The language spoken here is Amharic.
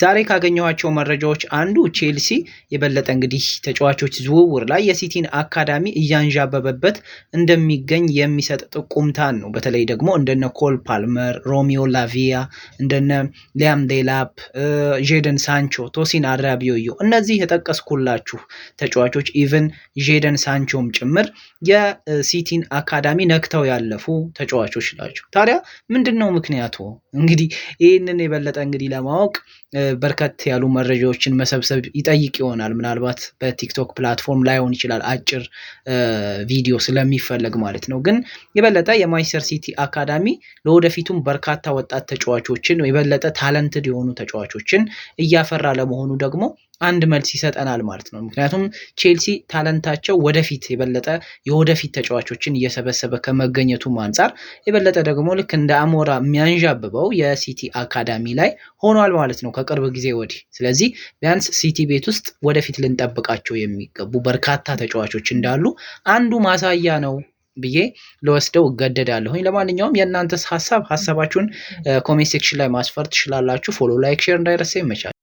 ዛሬ ካገኘኋቸው መረጃዎች አንዱ ቼልሲ የበለጠ እንግዲህ ተጫዋቾች ዝውውር ላይ የሲቲን አካዳሚ እያንዣበበበት እንደሚገኝ የሚሰጥ ጥቁምታን ነው። በተለይ ደግሞ እንደነ ኮል ፓልመር፣ ሮሚዮ ላቪያ፣ እንደነ ሊያም ዴላፕ፣ ጄደን ሳንቾ፣ ቶሲን አራቢዮዮ እነዚህ የጠቀስኩላችሁ ተጫዋቾች ኢቨን ጄደን ሳንቾም ጭምር የሲቲን አካዳሚ ነክተው ያለፉ ተጫዋቾች ናቸው። ታዲያ ምንድን ነው ምክንያቱ? እንግዲህ ይህንን የበለጠ እንግዲህ ለማወቅ በርከት ያሉ መረጃዎችን መሰብሰብ ይጠይቅ ይሆናል። ምናልባት በቲክቶክ ፕላትፎርም ላይሆን ይችላል አጭር ቪዲዮ ስለሚፈለግ ማለት ነው። ግን የበለጠ የማንቸስተር ሲቲ አካዳሚ ለወደፊቱም በርካታ ወጣት ተጫዋቾችን የበለጠ ታለንትድ የሆኑ ተጫዋቾችን እያፈራ ለመሆኑ ደግሞ አንድ መልስ ይሰጠናል ማለት ነው። ምክንያቱም ቼልሲ ታለንታቸው ወደፊት የበለጠ የወደፊት ተጫዋቾችን እየሰበሰበ ከመገኘቱም አንጻር የበለጠ ደግሞ ልክ እንደ አሞራ የሚያንዣብበው የሲቲ አካዳሚ ላይ ሆኗል ማለት ነው ከቅርብ ጊዜ ወዲህ። ስለዚህ ቢያንስ ሲቲ ቤት ውስጥ ወደፊት ልንጠብቃቸው የሚገቡ በርካታ ተጫዋቾች እንዳሉ አንዱ ማሳያ ነው ብዬ ለወስደው እገደዳለሁኝ። ለማንኛውም የእናንተስ ሀሳብ ሀሳባችሁን ኮሜንት ሴክሽን ላይ ማስፈር ትችላላችሁ። ፎሎ፣ ላይክ፣ ሼር እንዳይረሳ ይመቻል።